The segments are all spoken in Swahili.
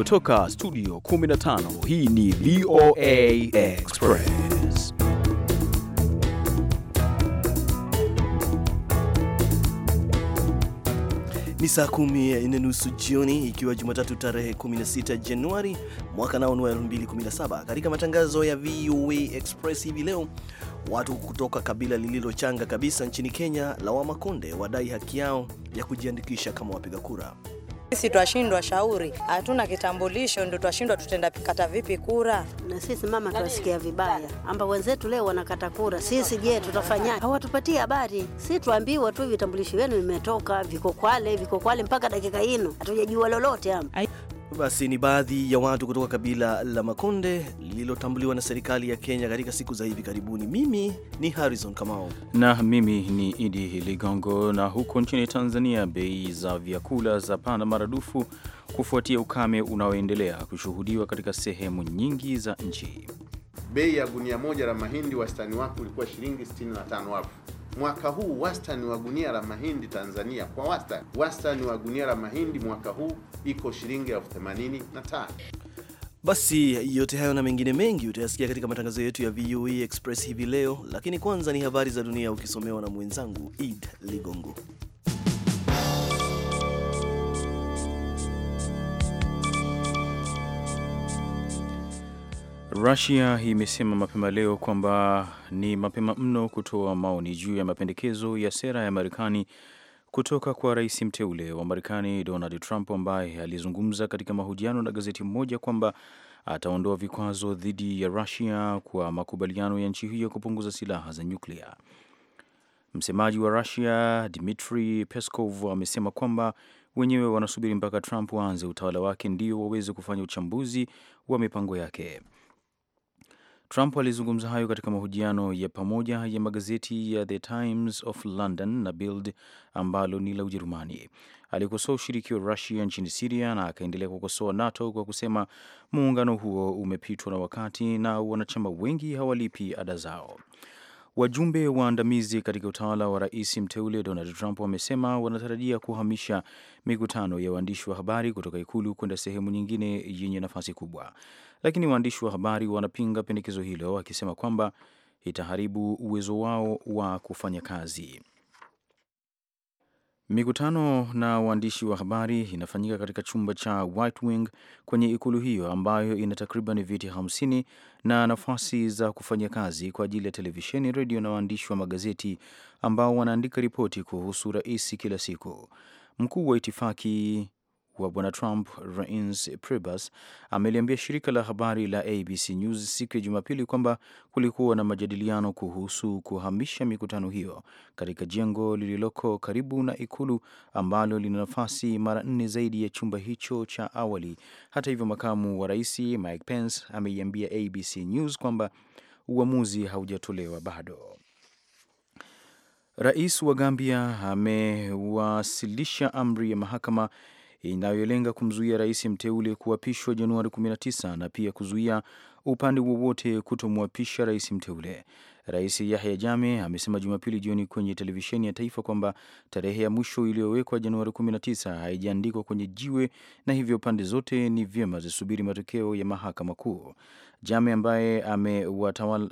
Kutoka studio 15 hii ni VOA Express. Ni saa kumi na nusu jioni ikiwa Jumatatu tarehe 16 Januari mwaka nao ni wa 2017. Katika matangazo ya VOA Express hivi leo, watu kutoka kabila lililochanga kabisa nchini Kenya la Wamakonde wadai haki yao ya kujiandikisha kama wapiga kura. Sisi twashindwa shauri, hatuna kitambulisho, ndio twashindwa tutenda kata vipi kura? Na sisi mama, twasikia vibaya amba wenzetu leo wanakata kura, sisi je, tutafanya? Hawatupatii habari, si tuambiwa tu vitambulisho vyenu vimetoka, viko Kwale, viko Kwale mpaka dakika hino hatujajua lolote hapa. Basi ni baadhi ya watu kutoka kabila la Makonde lililotambuliwa na serikali ya Kenya katika siku za hivi karibuni. Mimi ni Harrison Kamau na mimi ni Idi Ligongo. Na huko nchini Tanzania, bei za vyakula za panda maradufu kufuatia ukame unaoendelea kushuhudiwa katika sehemu nyingi za nchi. Bei ya gunia moja la mahindi wastani wake ulikuwa shilingi 65 65,000 mwaka huu wastani wa gunia la mahindi Tanzania kwa wastani, wastani wa gunia la mahindi mwaka huu iko shilingi elfu themanini na tano. Basi yote hayo na mengine mengi utayasikia katika matangazo yetu ya VOA e Express hivi leo, lakini kwanza ni habari za dunia ukisomewa na mwenzangu ed Ligongo. Rusia imesema mapema leo kwamba ni mapema mno kutoa maoni juu ya mapendekezo ya sera ya Marekani kutoka kwa rais mteule wa Marekani Donald Trump ambaye alizungumza katika mahojiano na gazeti moja kwamba ataondoa vikwazo dhidi ya Rusia kwa makubaliano ya nchi hiyo kupunguza silaha za nyuklia. Msemaji wa Rusia Dmitri Peskov amesema kwamba wenyewe wanasubiri mpaka Trump aanze utawala wake ndio waweze kufanya uchambuzi wa mipango yake. Trump alizungumza hayo katika mahojiano ya pamoja ya magazeti ya The Times of London na Bild ambalo ni la Ujerumani. Alikosoa ushiriki wa Rusia nchini Siria na akaendelea kukosoa NATO kwa kusema muungano huo umepitwa na wakati na wanachama wengi hawalipi ada zao. Wajumbe waandamizi katika utawala wa rais mteule Donald Trump wamesema wanatarajia kuhamisha mikutano ya waandishi wa habari kutoka ikulu kwenda sehemu nyingine yenye nafasi kubwa lakini waandishi wa habari wanapinga pendekezo hilo wakisema kwamba itaharibu uwezo wao wa kufanya kazi. Mikutano na waandishi wa habari inafanyika katika chumba cha White Wing kwenye ikulu hiyo ambayo ina takriban viti 50 na nafasi za kufanya kazi kwa ajili ya televisheni, redio na waandishi wa magazeti ambao wanaandika ripoti kuhusu rais kila siku. Mkuu wa itifaki wa bwana Trump, Reince Priebus ameliambia shirika la habari la ABC News siku ya Jumapili kwamba kulikuwa na majadiliano kuhusu kuhamisha mikutano hiyo katika jengo lililoko karibu na ikulu ambalo lina nafasi mara nne zaidi ya chumba hicho cha awali. Hata hivyo, makamu wa rais Mike Pence ameiambia ABC News kwamba uamuzi haujatolewa bado. Rais wa Gambia amewasilisha amri ya mahakama inayolenga kumzuia rais mteule kuapishwa Januari 19 na pia kuzuia upande wowote kutomwapisha rais mteule. Rais Yahya Jammeh amesema Jumapili jioni kwenye televisheni ya taifa kwamba tarehe ya mwisho iliyowekwa Januari 19 haijaandikwa kwenye jiwe na hivyo pande zote ni vyema zisubiri matokeo ya mahakama kuu. Jame ambaye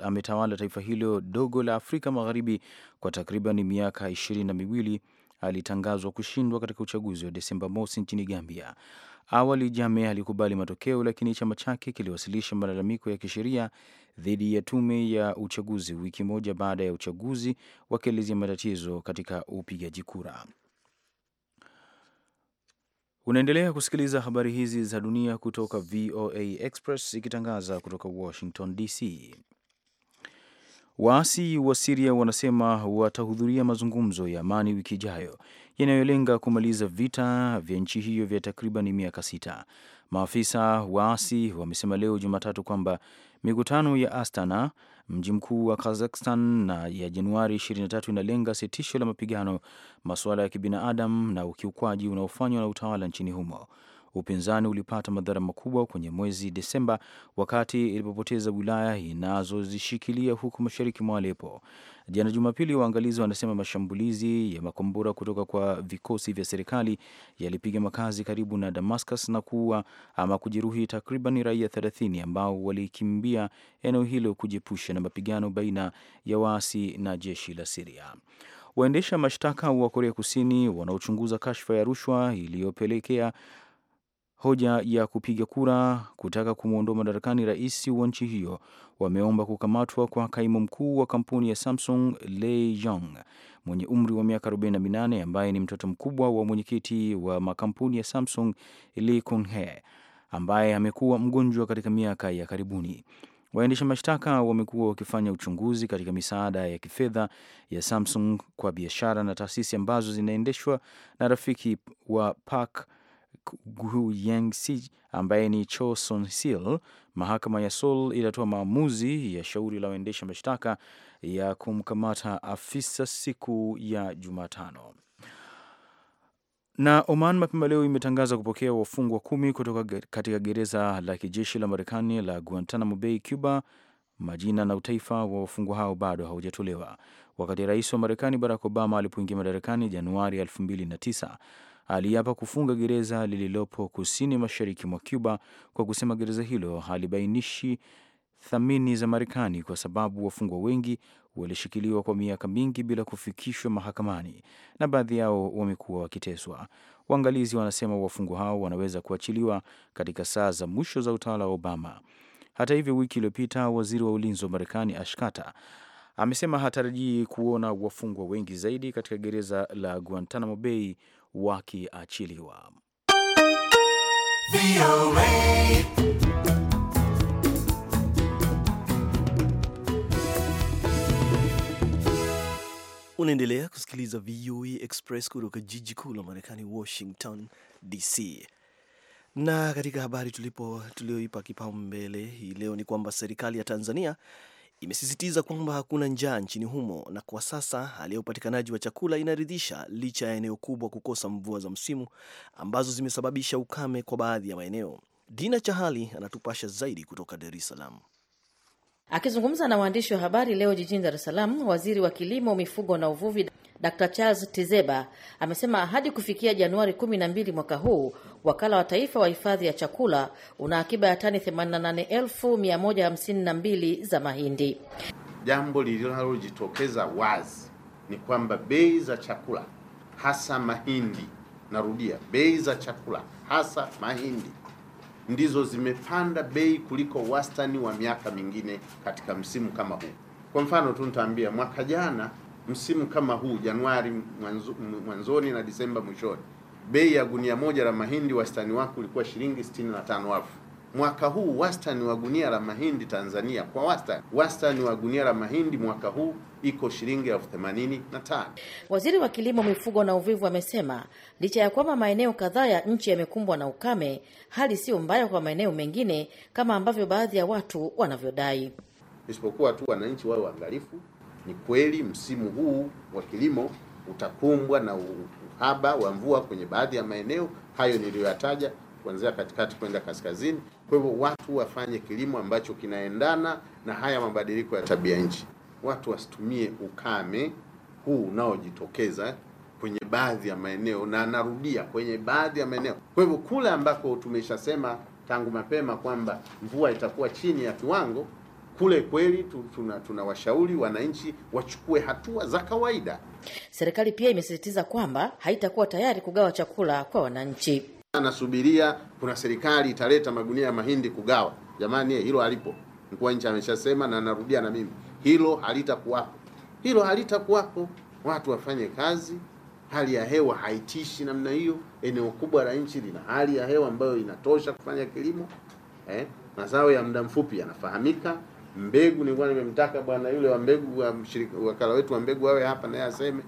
ametawala taifa hilo dogo la Afrika Magharibi kwa takriban miaka ishirini na miwili alitangazwa kushindwa katika uchaguzi wa Desemba mosi nchini Gambia. Awali Jame alikubali matokeo, lakini chama chake kiliwasilisha malalamiko ya kisheria dhidi ya tume ya uchaguzi wiki moja baada ya uchaguzi, wakielezea matatizo katika upigaji kura. Unaendelea kusikiliza habari hizi za dunia kutoka VOA Express ikitangaza kutoka Washington DC. Waasi wa Siria wanasema watahudhuria mazungumzo ya amani wiki ijayo yanayolenga kumaliza vita vya nchi hiyo vya takriban miaka sita. Maafisa waasi wamesema leo Jumatatu kwamba mikutano ya Astana, mji mkuu wa Kazakhstan, na ya Januari 23 inalenga sitisho la mapigano, masuala ya kibinadamu na ukiukwaji unaofanywa na utawala nchini humo upinzani ulipata madhara makubwa kwenye mwezi Desemba wakati ilipopoteza wilaya inazozishikilia huko mashariki mwa Alepo. Jana Jumapili, waangalizi wanasema mashambulizi ya makombora kutoka kwa vikosi vya serikali yalipiga makazi karibu na Damascus na kuua ama kujeruhi takriban raia 30 ambao walikimbia eneo hilo kujiepusha na mapigano baina ya waasi na jeshi la Siria. Waendesha mashtaka wa Korea Kusini wanaochunguza kashfa ya rushwa iliyopelekea hoja ya kupiga kura kutaka kumwondoa madarakani rais wa nchi hiyo, wameomba kukamatwa kwa kaimu mkuu wa kampuni ya Samsung Lee Jong mwenye umri wa miaka 48 ambaye ni mtoto mkubwa wa mwenyekiti wa makampuni ya Samsung Lee kun ambaye amekuwa mgonjwa katika miaka ya karibuni. Waendesha mashtaka wamekuwa wakifanya uchunguzi katika misaada ya kifedha ya Samsung kwa biashara na taasisi ambazo zinaendeshwa na rafiki wa Park Gu Si ambaye ni Cho Son Sil. Mahakama ya Seoul ilitoa maamuzi ya shauri la waendesha mashtaka ya kumkamata afisa siku ya Jumatano. Na Oman mapema leo imetangaza kupokea wafungwa kumi kutoka katika gereza la kijeshi la Marekani la Guantanamo Bay, Cuba. Majina na utaifa wa wafungwa hao bado haujatolewa. Wakati rais wa Marekani Barack Obama alipoingia madarakani Januari aliapa kufunga gereza lililopo kusini mashariki mwa Cuba kwa kusema gereza hilo halibainishi thamini za Marekani kwa sababu wafungwa wengi walishikiliwa kwa miaka mingi bila kufikishwa mahakamani na baadhi yao wamekuwa wakiteswa. Waangalizi wanasema wafungwa hao wanaweza kuachiliwa katika saa za mwisho za utawala wa Obama. Hata hivyo, wiki iliyopita waziri wa ulinzi wa Marekani Ashkata amesema hatarajii kuona wafungwa wengi zaidi katika gereza la Guantanamo Bay wakiachiliwa. Unaendelea kusikiliza VOA e Express kutoka jiji kuu la Marekani, Washington DC. Na katika habari tulipo tulioipa kipaumbele hii leo ni kwamba serikali ya Tanzania imesisitiza kwamba hakuna njaa nchini humo na kwa sasa hali ya upatikanaji wa chakula inaridhisha licha ya eneo kubwa kukosa mvua za msimu ambazo zimesababisha ukame kwa baadhi ya maeneo. Dina Chahali anatupasha zaidi kutoka Dar es Salaam. Akizungumza na waandishi wa habari leo jijini Dar es Salaam, waziri wa kilimo, mifugo na uvuvi Dr Charles Tizeba amesema hadi kufikia Januari 12 mwaka huu wakala wa taifa wa hifadhi ya chakula una akiba ya tani 88,152 za mahindi. Jambo lilinalojitokeza wazi ni kwamba bei za chakula hasa mahindi, narudia, bei za chakula hasa mahindi ndizo zimepanda bei kuliko wastani wa miaka mingine katika msimu kama huu. Kwa mfano tu nitaambia, mwaka jana msimu kama huu Januari mwanzo, mwanzoni na Disemba mwishoni, bei ya gunia moja la mahindi wastani wake ulikuwa shilingi 65,000. Mwaka huu wastani wa gunia la mahindi Tanzania, kwa wastani wastani wa gunia la mahindi mwaka huu iko shilingi elfu themanini na tano. Waziri wa Kilimo, Mifugo na uvivu amesema licha ya kwamba maeneo kadhaa ya nchi yamekumbwa na ukame, hali sio mbaya kwa maeneo mengine kama ambavyo baadhi ya watu wanavyodai, isipokuwa tu wananchi wawe waangalifu. Ni kweli msimu huu wa kilimo utakumbwa na uhaba wa mvua kwenye baadhi ya maeneo hayo niliyoyataja, kuanzia katikati kwenda kaskazini. Kwa hivyo watu wafanye kilimo ambacho kinaendana na haya mabadiliko ya tabia nchi watu wasitumie ukame huu unaojitokeza kwenye baadhi ya maeneo, na anarudia kwenye baadhi ya maeneo. Kwa hivyo kule ambako tumeshasema tangu mapema kwamba mvua itakuwa chini ya kiwango, kule kweli tunawashauri tuna wananchi wachukue hatua za kawaida. Serikali pia imesisitiza kwamba haitakuwa tayari kugawa chakula kwa wananchi. Anasubiria kuna serikali italeta magunia ya mahindi kugawa. Jamani, hilo alipo Mkuu wa nchi ameshasema na anarudia na mimi hilo halitakuwapo, hilo halitakuwapo. Watu wafanye kazi, hali ya hewa haitishi namna hiyo. Eneo kubwa la nchi lina hali ya hewa ambayo inatosha kufanya kilimo eh? Mazao ya muda mfupi yanafahamika. Mbegu nilikuwa nimemtaka bwana yule wa mbegu wa mshirika wakala wetu wa mbegu awe hapa naye aseme,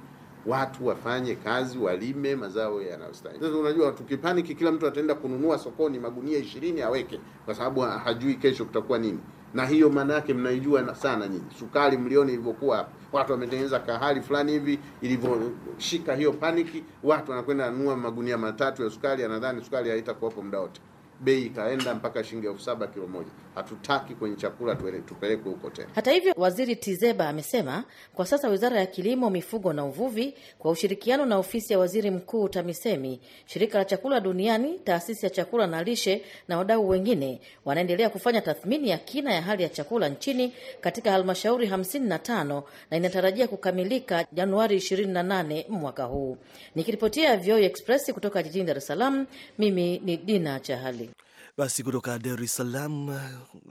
watu wafanye kazi, walime mazao yanayostahili. Sasa unajua, tukipaniki kila mtu ataenda kununua sokoni magunia ishirini aweke, kwa sababu hajui kesho kutakuwa nini na hiyo maana yake mnaijua sana nyinyi. Sukari mlioni ilivyokuwa hapa, watu wametengeneza kahali fulani hivi, ilivyoshika hiyo paniki, watu wanakwenda anunua magunia matatu ya sukari, anadhani sukari haitakuwapo muda wote bei ikaenda mpaka shilingi elfu saba kilo moja. Hatutaki kwenye chakula tupelekwe huko tena. Hata hivyo, Waziri Tizeba amesema kwa sasa Wizara ya Kilimo, Mifugo na Uvuvi kwa ushirikiano na Ofisi ya Waziri Mkuu TAMISEMI, Shirika la Chakula Duniani, Taasisi ya Chakula na Lishe na wadau wengine wanaendelea kufanya tathmini ya kina ya hali ya chakula nchini katika halmashauri 55 na inatarajia kukamilika Januari 28 mwaka huu. Nikiripotia VOA e Express kutoka jijini Dar es Salaam, mimi ni Dina Chahali. Basi kutoka Dar es Salaam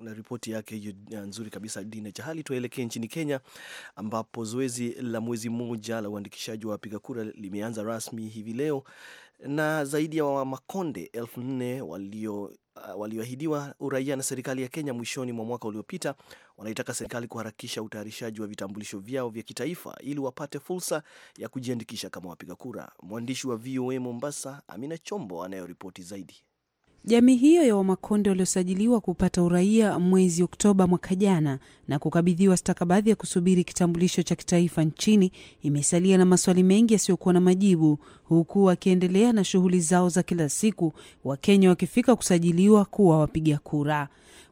na ripoti yake hiyo nzuri kabisa, Dina Chahali. Tuelekee nchini Kenya, ambapo zoezi la mwezi mmoja la uandikishaji wa wapiga kura limeanza rasmi hivi leo, na zaidi ya wa Makonde elfu nne walio uh, walioahidiwa uraia na serikali ya Kenya mwishoni mwa mwaka uliopita wanaitaka serikali kuharakisha utayarishaji wa vitambulisho vyao vya kitaifa ili wapate fursa ya kujiandikisha kama wapiga kura. Mwandishi wa VOA Mombasa, Amina Chombo, anayoripoti zaidi. Jamii hiyo ya Wamakonde waliosajiliwa kupata uraia mwezi Oktoba mwaka jana na kukabidhiwa stakabadhi ya kusubiri kitambulisho cha kitaifa nchini imesalia na maswali mengi yasiyokuwa na majibu, huku wakiendelea na shughuli zao za kila siku, Wakenya wakifika kusajiliwa kuwa wapiga kura.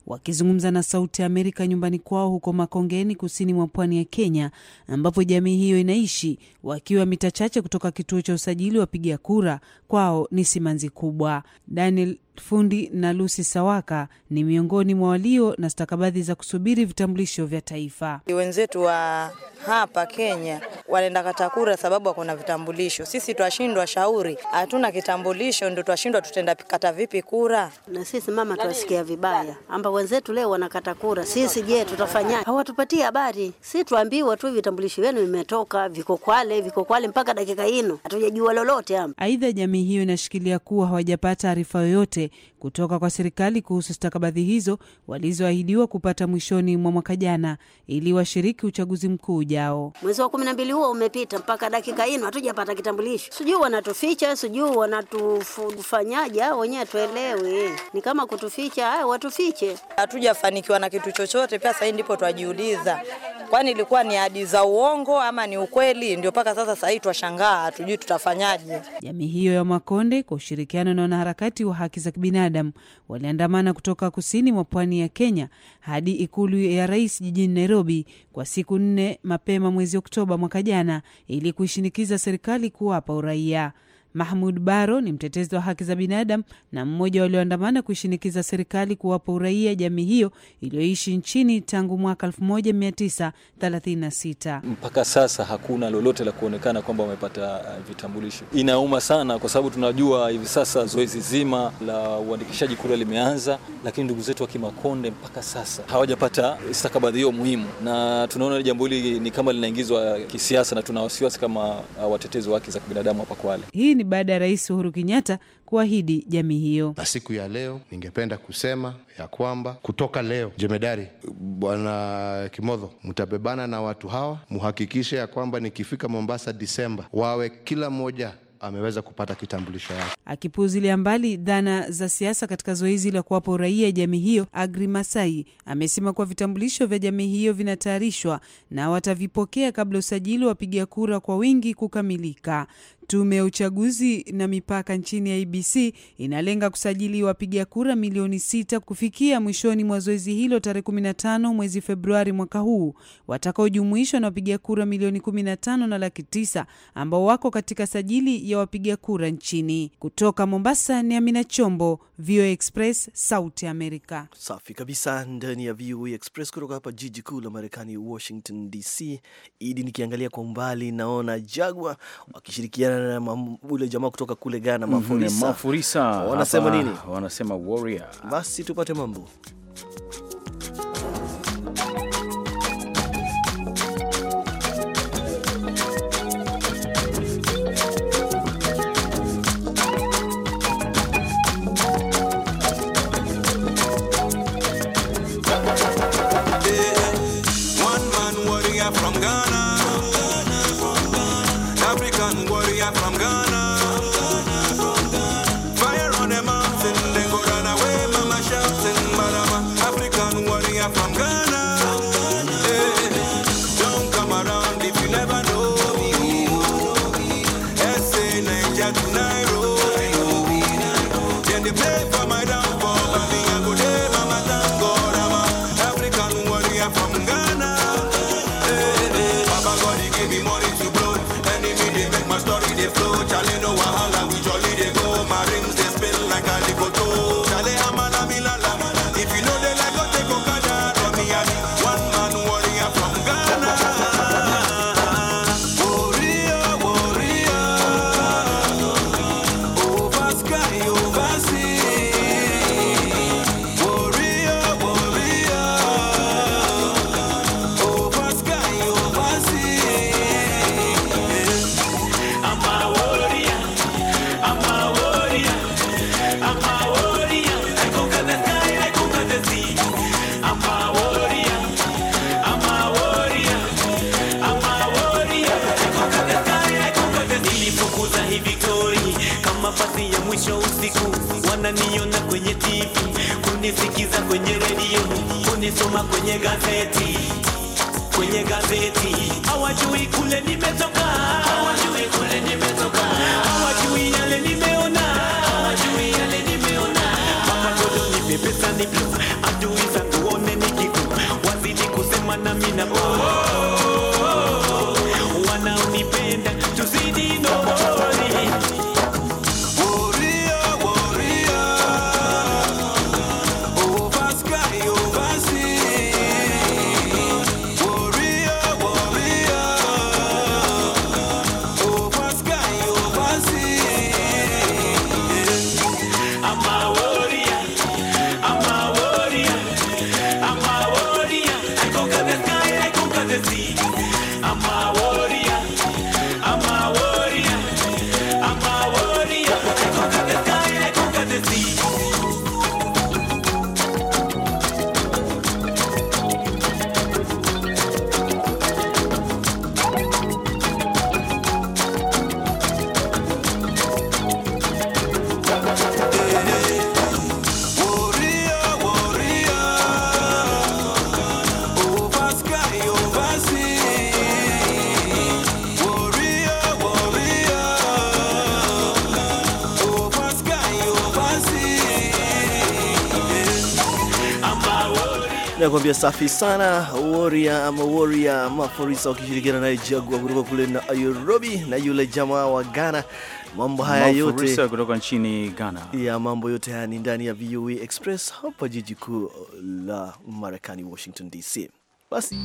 Wakizungumza na Sauti ya Amerika nyumbani kwao huko Makongeni, kusini mwa pwani ya Kenya, ambapo jamii hiyo inaishi, wakiwa mita chache kutoka kituo cha usajili wa wapiga kura, kwao ni simanzi kubwa. Daniel fundi na lusi Sawaka ni miongoni mwa walio na stakabadhi za kusubiri vitambulisho vya taifa. Wenzetu wa hapa Kenya wanaenda kata kura sababu hakuna vitambulisho. Sisi twashindwa shauri, hatuna kitambulisho, ndo twashindwa, tutaenda kata vipi kura? Na sisi mama, twasikia vibaya amba wenzetu leo wanakata kura, sisi je, tutafanya? Hawatupatii habari, si tuambiwa tu vitambulisho vyenu vimetoka, viko Kwale, viko Kwale, mpaka dakika hino hatujajua lolote. Aidha, jamii hiyo inashikilia kuwa hawajapata arifa yoyote kutoka kwa serikali kuhusu stakabadhi hizo walizoahidiwa kupata mwishoni mwa mwaka jana ili washiriki uchaguzi mkuu ujao. Mwezi wa kumi na mbili huo umepita, mpaka dakika ino hatujapata kitambulisho. Sijui wanatuficha, sijui wanatufanyaje wenyewe, tuelewe. Ni kama kutuficha, aya, watufiche. Hatujafanikiwa na kitu chochote, pia sahii ndipo twajiuliza kwani ilikuwa ni ahadi za uongo ama ni ukweli? Ndio mpaka sasa sahii twashangaa, hatujui tutafanyaje. Jamii hiyo ya Makonde kwa ushirikiano na wanaharakati wa haki za kibinadamu waliandamana kutoka kusini mwa pwani ya Kenya hadi ikulu ya rais jijini Nairobi kwa siku nne mapema mwezi Oktoba mwaka jana ili kuishinikiza serikali kuwapa uraia. Mahmud Baro ni mtetezi wa haki za binadamu na mmoja walioandamana kuishinikiza serikali kuwapa uraia jamii hiyo iliyoishi nchini tangu mwaka 1936. Mpaka sasa hakuna lolote la kuonekana kwamba wamepata uh, vitambulisho. Inauma sana, kwa sababu tunajua hivi sasa zoezi zima la uandikishaji kura limeanza, lakini ndugu zetu wa Kimakonde mpaka sasa hawajapata stakabadhi hiyo muhimu, na tunaona jambo hili ni kama linaingizwa kisiasa, na tuna wasiwasi kama uh, watetezi wa haki za kibinadamu hapa Kwale. Hii ni baada ya Rais Uhuru Kenyatta kuahidi jamii hiyo. Na siku ya leo ningependa kusema ya kwamba kutoka leo, jemedari Bwana Kimodho, mtabebana na watu hawa, muhakikishe ya kwamba nikifika Mombasa Disemba, wawe kila mmoja ameweza kupata kitambulisho yake. Akipuuzilia mbali dhana za siasa katika zoezi la kuwapa uraia jamii hiyo, Agri Masai amesema kuwa vitambulisho vya jamii hiyo vinatayarishwa na watavipokea kabla usajili wa wapiga kura kwa wingi kukamilika. Tume ya Uchaguzi na Mipaka nchini IBC inalenga kusajili wapiga kura milioni sita kufikia mwishoni mwa zoezi hilo tarehe 15 mwezi Februari mwaka huu, watakaojumuishwa na wapiga kura milioni 15 na laki tisa ambao wako katika sajili ya wapiga kura nchini. Kutoka Mombasa ni Amina Chombo, VOA Express, sauti Amerika. Safi kabisa ndani ya VOA Express kutoka hapa jiji kuu la Marekani, Washington DC. Idi, nikiangalia kwa umbali naona Jagwa wakishirikiana na ule jamaa kutoka kule Ghana, mhm, Mafurisa. Mafurisa wanasema nini? Wanasema warrior. Basi tupate mambo got gazeti anakuambia safi sana Warrior ama Warrior Maforisa wakishirikiana naye Jagua kutoka kule na Nairobi, na yule jamaa wa Ghana. Mambo haya yote kutoka nchini Ghana ya mambo yote haya ni ndani ya VOA e Express hapa jiji kuu la Marekani, Washington DC. Basi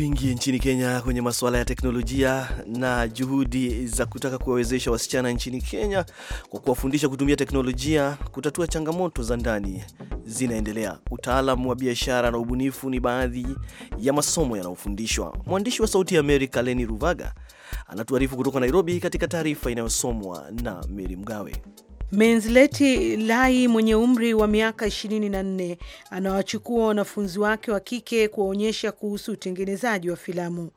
Tuingie nchini Kenya kwenye masuala ya teknolojia na juhudi za kutaka kuwawezesha wasichana nchini Kenya kwa kuwafundisha kutumia teknolojia kutatua changamoto za ndani zinaendelea. Utaalamu wa biashara na ubunifu ni baadhi ya masomo yanayofundishwa. Mwandishi wa Sauti ya Amerika Leni Ruvaga anatuarifu kutoka Nairobi katika taarifa inayosomwa na Meri Mgawe. Menzileti Lai mwenye umri wa miaka 24 anawachukua wanafunzi wake wa kike kuwaonyesha kuhusu utengenezaji wa filamu.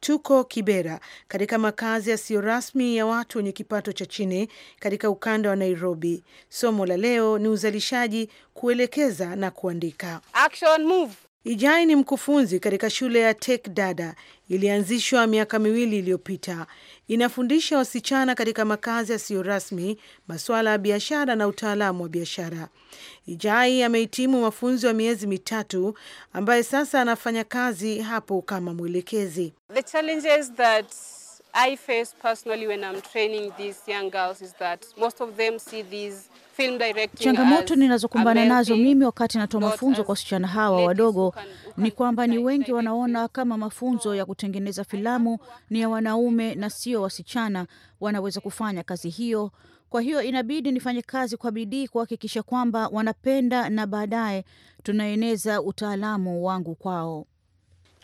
Tuko Kibera katika makazi yasiyo rasmi ya watu wenye kipato cha chini katika ukanda wa Nairobi. Somo la leo ni uzalishaji, kuelekeza na kuandika. Action, move. Ijai ni mkufunzi katika shule ya Tek Dada, ilianzishwa miaka miwili iliyopita inafundisha wasichana katika makazi yasiyo rasmi masuala ya biashara na utaalamu wa biashara. Ijai amehitimu mafunzo ya miezi mitatu ambaye sasa anafanya kazi hapo kama mwelekezi. The challenges that I face personally when I'm training these young girls is that most of them see these film directing. Changamoto ninazokumbana nazo mimi wakati natoa mafunzo kwa wasichana hawa wadogo ni kwamba ni wengi wanaona kama mafunzo ya kutengeneza filamu ni ya wanaume na sio wasichana wanaweza kufanya kazi hiyo. Kwa hiyo inabidi nifanye kazi kwa bidii kuhakikisha kwamba wanapenda na baadaye tunaeneza utaalamu wangu kwao.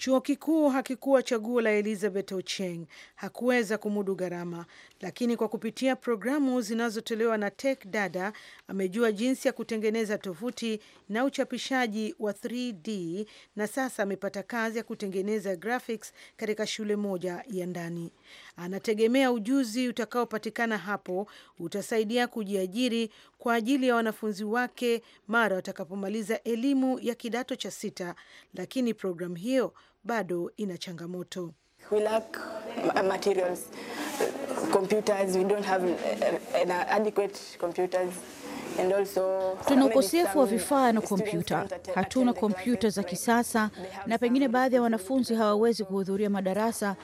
Chuo kikuu hakikuwa chaguo la Elizabeth Ocheng, hakuweza kumudu gharama, lakini kwa kupitia programu zinazotolewa na Tech Dada amejua jinsi ya kutengeneza tovuti na uchapishaji wa 3D na sasa amepata kazi ya kutengeneza graphics katika shule moja ya ndani. Anategemea ujuzi utakaopatikana hapo utasaidia kujiajiri kwa ajili ya wanafunzi wake mara watakapomaliza elimu ya kidato cha sita, lakini programu hiyo bado ina changamoto. We lack materials, computers, we don't have eh, eh, adequate computers. Tuna ukosefu wa vifaa na kompyuta. Hatuna kompyuta za kisasa, na pengine baadhi ya wanafunzi hawawezi kuhudhuria madarasa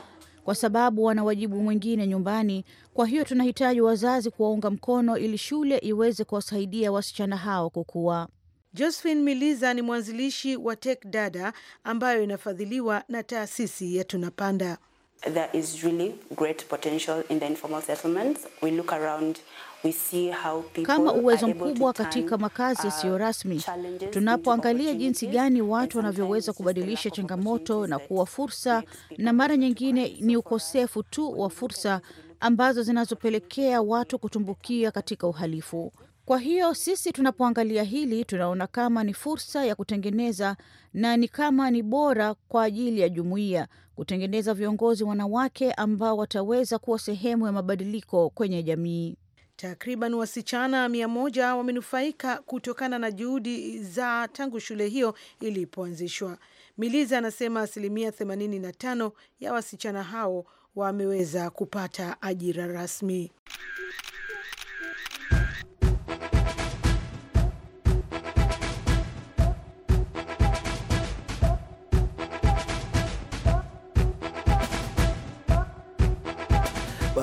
kwa sababu wana wajibu mwingine nyumbani. Kwa hiyo tunahitaji wazazi kuwaunga mkono ili shule iweze kuwasaidia wasichana hao kukua. Josephine Miliza ni mwanzilishi wa Tech Dada ambayo inafadhiliwa na taasisi ya Tunapanda. There is really great potential in the informal settlements. We look around, we see how people kama uwezo mkubwa katika uh, makazi yasiyo rasmi. Tunapoangalia jinsi gani watu wanavyoweza kubadilisha changamoto na kuwa fursa, na mara nyingine ni ukosefu tu wa fursa ambazo zinazopelekea watu kutumbukia katika uhalifu. Kwa hiyo sisi tunapoangalia hili tunaona kama ni fursa ya kutengeneza na ni kama ni bora kwa ajili ya jumuiya kutengeneza viongozi wanawake ambao wataweza kuwa sehemu ya mabadiliko kwenye jamii. Takriban wasichana mia moja wamenufaika kutokana na juhudi za tangu shule hiyo ilipoanzishwa. Miliza anasema asilimia 85 ya wasichana hao wameweza kupata ajira rasmi.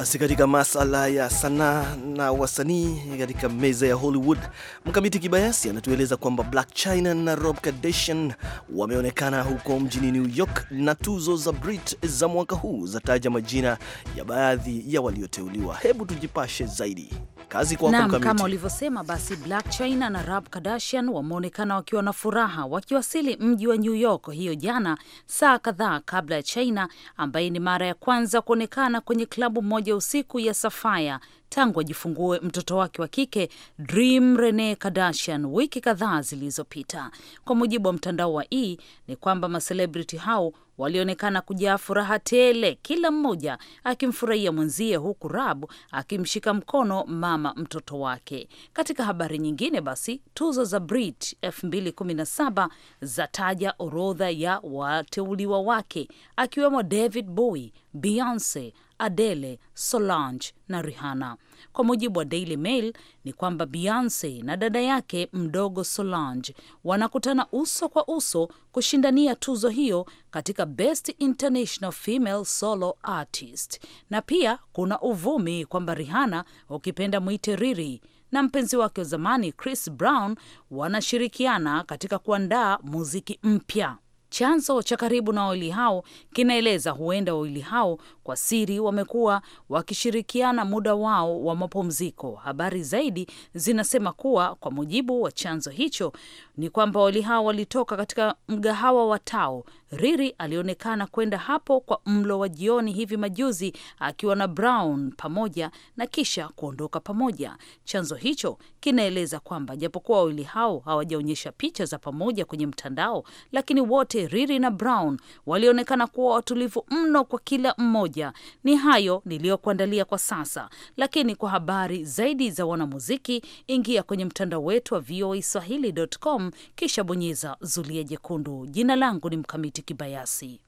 basi katika masala ya sanaa na wasanii katika meza ya Hollywood, Mkamiti Kibayasi anatueleza kwamba Black China na Rob Kardashian wameonekana huko mjini New York, na tuzo za Brit za mwaka huu zataja majina ya baadhi ya walioteuliwa. Hebu tujipashe zaidi. Kazi kwako Mkamiti. Kama ulivyosema, basi Black China na Rob Kardashian wameonekana wakiwa na furaha wakiwasili mji wa New York hiyo jana, saa kadhaa kabla ya China ambaye ni mara ya kwanza kuonekana kwenye klabu moja usiku ya Safaya tangu ajifungue mtoto wake wa kike Dream Rene Kardashian wiki kadhaa zilizopita. Kwa mujibu wa mtandao wa E ni kwamba maselebrity hao walionekana kujaa furaha tele, kila mmoja akimfurahia mwenzie, huku rab akimshika mkono mama mtoto wake. Katika habari nyingine, basi tuzo za Brit 2017 zataja orodha ya wateuliwa wake akiwemo David Bowie, Beyonce Adele, Solange na Rihanna. Kwa mujibu wa Daily Mail ni kwamba Beyonce na dada yake mdogo Solange wanakutana uso kwa uso kushindania tuzo hiyo katika Best International Female Solo Artist. Na pia kuna uvumi kwamba Rihanna, ukipenda mwite Riri, na mpenzi wake wa zamani Chris Brown wanashirikiana katika kuandaa muziki mpya. Chanzo cha karibu na wawili hao kinaeleza huenda wawili hao kwa siri wamekuwa wakishirikiana muda wao wa mapumziko. Habari zaidi zinasema kuwa kwa mujibu wa chanzo hicho ni kwamba wawili hao walitoka katika mgahawa wa Tao. Riri alionekana kwenda hapo kwa mlo wa jioni hivi majuzi akiwa na Brown pamoja na kisha kuondoka pamoja. Chanzo hicho kinaeleza kwamba japokuwa wawili hao hawajaonyesha picha za pamoja kwenye mtandao, lakini wote Riri na Brown walionekana kuwa watulivu mno kwa kila mmoja moja. Ni hayo niliyokuandalia kwa sasa, lakini kwa habari zaidi za wanamuziki, ingia kwenye mtandao wetu wa VOA Swahili.com, kisha bonyeza zulia jekundu. Jina langu ni Mkamiti Kibayasi.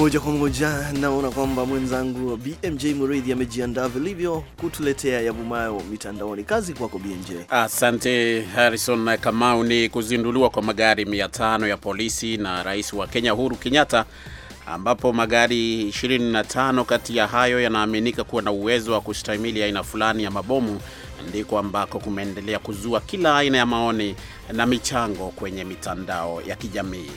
Moja kwa moja naona kwamba mwenzangu BMJ Muridhi amejiandaa vilivyo kutuletea yavumayo mitandaoni. Kazi kwako BMJ. Asante Harrison Kamau. Ni kuzinduliwa kwa magari 500 ya polisi na rais wa Kenya Uhuru Kenyatta, ambapo magari 25 kati ya hayo yanaaminika kuwa na uwezo wa kustahimili aina fulani ya mabomu, ndiko ambako kumeendelea kuzua kila aina ya maoni na michango kwenye mitandao ya kijamii.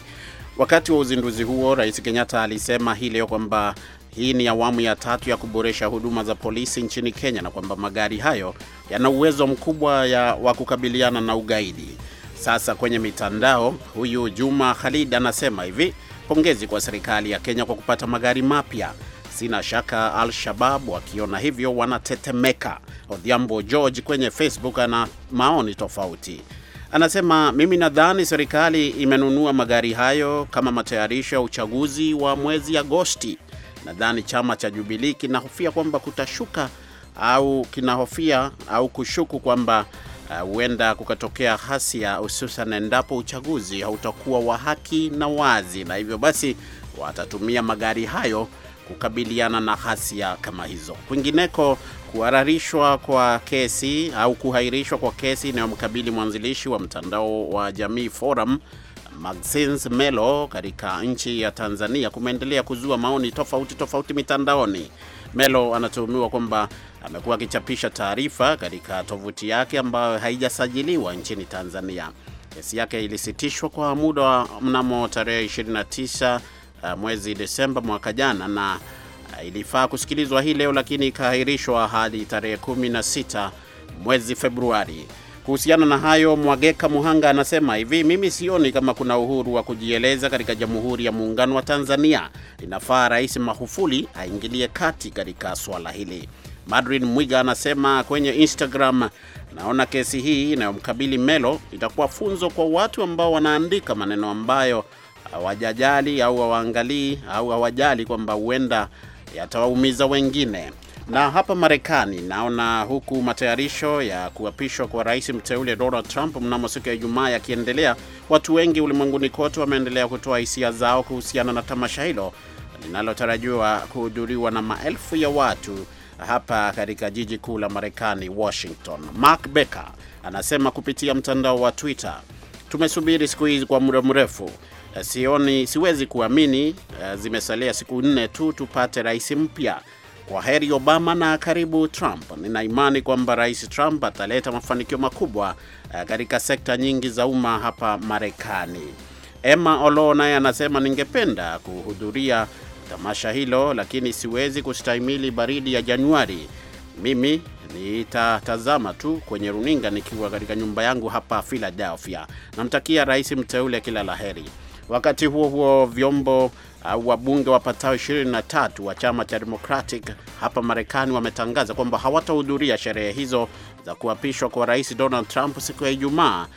Wakati wa uzinduzi huo, Rais Kenyatta alisema hii leo kwamba hii ni awamu ya tatu ya kuboresha huduma za polisi nchini Kenya na kwamba magari hayo yana uwezo mkubwa ya wa kukabiliana na ugaidi. Sasa kwenye mitandao, huyu Juma Khalid anasema hivi: pongezi kwa serikali ya Kenya kwa kupata magari mapya. Sina shaka Al-Shabab wakiona hivyo wanatetemeka. Odhiambo George kwenye Facebook ana maoni tofauti. Anasema mimi nadhani serikali imenunua magari hayo kama matayarisho ya uchaguzi wa mwezi Agosti. Nadhani chama cha Jubilii kinahofia kwamba kutashuka au kinahofia au kushuku kwamba uh, huenda uh, kukatokea hasia, hususan endapo uchaguzi hautakuwa wa haki na wazi, na hivyo basi watatumia magari hayo kukabiliana na hasia kama hizo. Kwingineko, kuhararishwa kwa kesi au kuhairishwa kwa kesi inayomkabili mwanzilishi wa mtandao wa Jamii Forum Maxence Melo katika nchi ya Tanzania kumeendelea kuzua maoni tofauti tofauti mitandaoni. Melo anatuhumiwa kwamba amekuwa akichapisha taarifa katika tovuti yake ambayo haijasajiliwa nchini Tanzania. Kesi yake ilisitishwa kwa muda mnamo tarehe 29 eh, mwezi Desemba mwaka jana na ilifaa kusikilizwa hii leo lakini ikaahirishwa hadi tarehe 16 mwezi Februari. Kuhusiana na hayo, Mwageka Muhanga anasema hivi, mimi sioni kama kuna uhuru wa kujieleza katika Jamhuri ya Muungano wa Tanzania. Inafaa Rais Magufuli aingilie kati katika swala hili. Madrin Mwiga anasema kwenye Instagram, naona kesi hii inayomkabili Melo itakuwa funzo kwa watu ambao wanaandika maneno ambayo hawajajali au hawaangalii au hawajali kwamba huenda yatawaumiza wengine. Na hapa Marekani naona huku matayarisho ya kuapishwa kwa rais mteule Donald Trump mnamo siku ya Ijumaa yakiendelea, watu wengi ulimwenguni kote wameendelea kutoa hisia zao kuhusiana na tamasha hilo linalotarajiwa kuhudhuriwa na maelfu ya watu hapa katika jiji kuu la Marekani, Washington. Mark Becker anasema kupitia mtandao wa Twitter, tumesubiri siku hizi kwa muda mrefu Eh, sioni, siwezi kuamini eh, zimesalia siku nne tu tupate rais mpya. Kwa heri Obama na karibu Trump. Nina imani kwamba rais Trump ataleta mafanikio makubwa eh, katika sekta nyingi za umma hapa Marekani. Emma Olo naye anasema ningependa kuhudhuria tamasha hilo, lakini siwezi kustahimili baridi ya Januari. Mimi nitatazama tu kwenye runinga nikiwa katika nyumba yangu hapa Philadelphia. Namtakia rais mteule kila la heri. Wakati huo huo, vyombo au uh, wabunge wapatao 23 wa chama cha Democratic hapa Marekani wametangaza kwamba hawatahudhuria sherehe hizo za kuapishwa kwa Rais Donald Trump siku ya Ijumaa,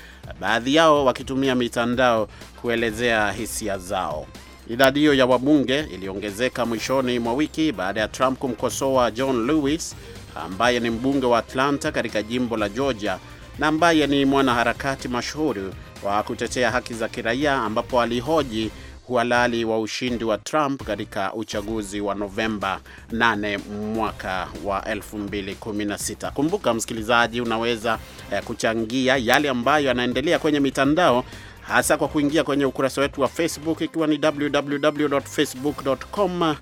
baadhi yao wakitumia mitandao kuelezea hisia zao. Idadi hiyo ya wabunge iliongezeka mwishoni mwa wiki baada ya Trump kumkosoa John Lewis ambaye ni mbunge wa Atlanta katika jimbo la Georgia na ambaye ni mwanaharakati mashuhuri wa kutetea haki za kiraia ambapo alihoji uhalali wa ushindi wa Trump katika uchaguzi wa Novemba 8 mwaka wa 2016. Kumbuka msikilizaji, unaweza eh, kuchangia yale ambayo yanaendelea kwenye mitandao hasa kwa kuingia kwenye ukurasa wetu wa Facebook ikiwa ni www.facebook.com uh,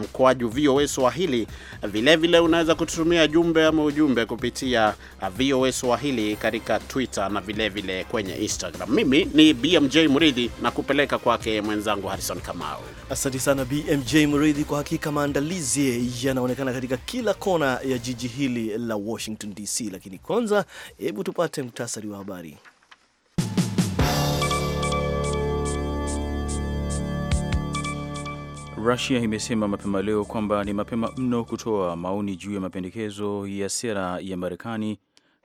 mkoaju VOA Swahili. Vilevile unaweza kututumia jumbe ama ujumbe kupitia uh, VOA Swahili katika Twitter na vilevile vile kwenye Instagram. Mimi ni BMJ Muridhi na kupeleka kwake mwenzangu Harrison Kamau. Asante sana BMJ Muridhi. Kwa hakika maandalizi yanaonekana katika kila kona ya jiji hili la Washington DC, lakini kwanza, hebu tupate muhtasari wa habari. Rusia imesema mapema leo kwamba ni mapema mno kutoa maoni juu ya mapendekezo ya sera ya Marekani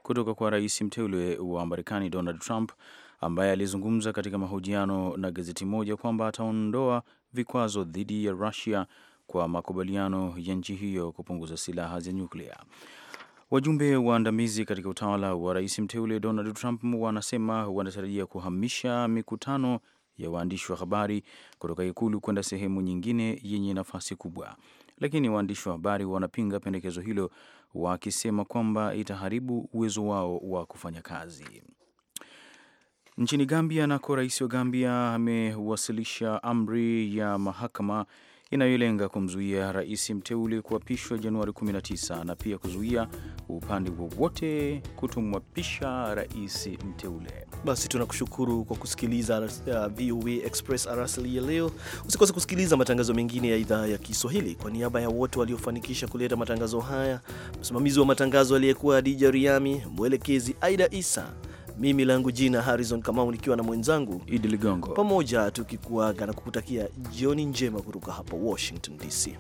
kutoka kwa rais mteule wa Marekani Donald Trump ambaye alizungumza katika mahojiano na gazeti moja kwamba ataondoa vikwazo dhidi ya Rusia kwa makubaliano ya nchi hiyo kupunguza silaha za nyuklia. Wajumbe waandamizi katika utawala wa rais mteule Donald Trump wanasema wanatarajia kuhamisha mikutano ya waandishi wa habari kutoka ikulu kwenda sehemu nyingine yenye nafasi kubwa, lakini waandishi wa habari wanapinga pendekezo hilo wakisema kwamba itaharibu uwezo wao wa kufanya kazi. Nchini Gambia nako, rais wa Gambia amewasilisha amri ya mahakama inayolenga kumzuia rais mteule kuapishwa Januari 19 na pia kuzuia upande wowote kutomwapisha rais mteule. Basi tunakushukuru kwa kusikiliza uh, VOA Express arasli ya leo. Usikose kusikiliza matangazo mengine ya idhaa ya Kiswahili. Kwa niaba ya wote waliofanikisha kuleta matangazo haya, msimamizi wa matangazo aliyekuwa Adija Riami, mwelekezi Aida Isa. Mimi langu jina Harrison Kamau, nikiwa na mwenzangu Idi Ligongo, pamoja tukikuaga na kukutakia jioni njema kutoka hapa Washington DC.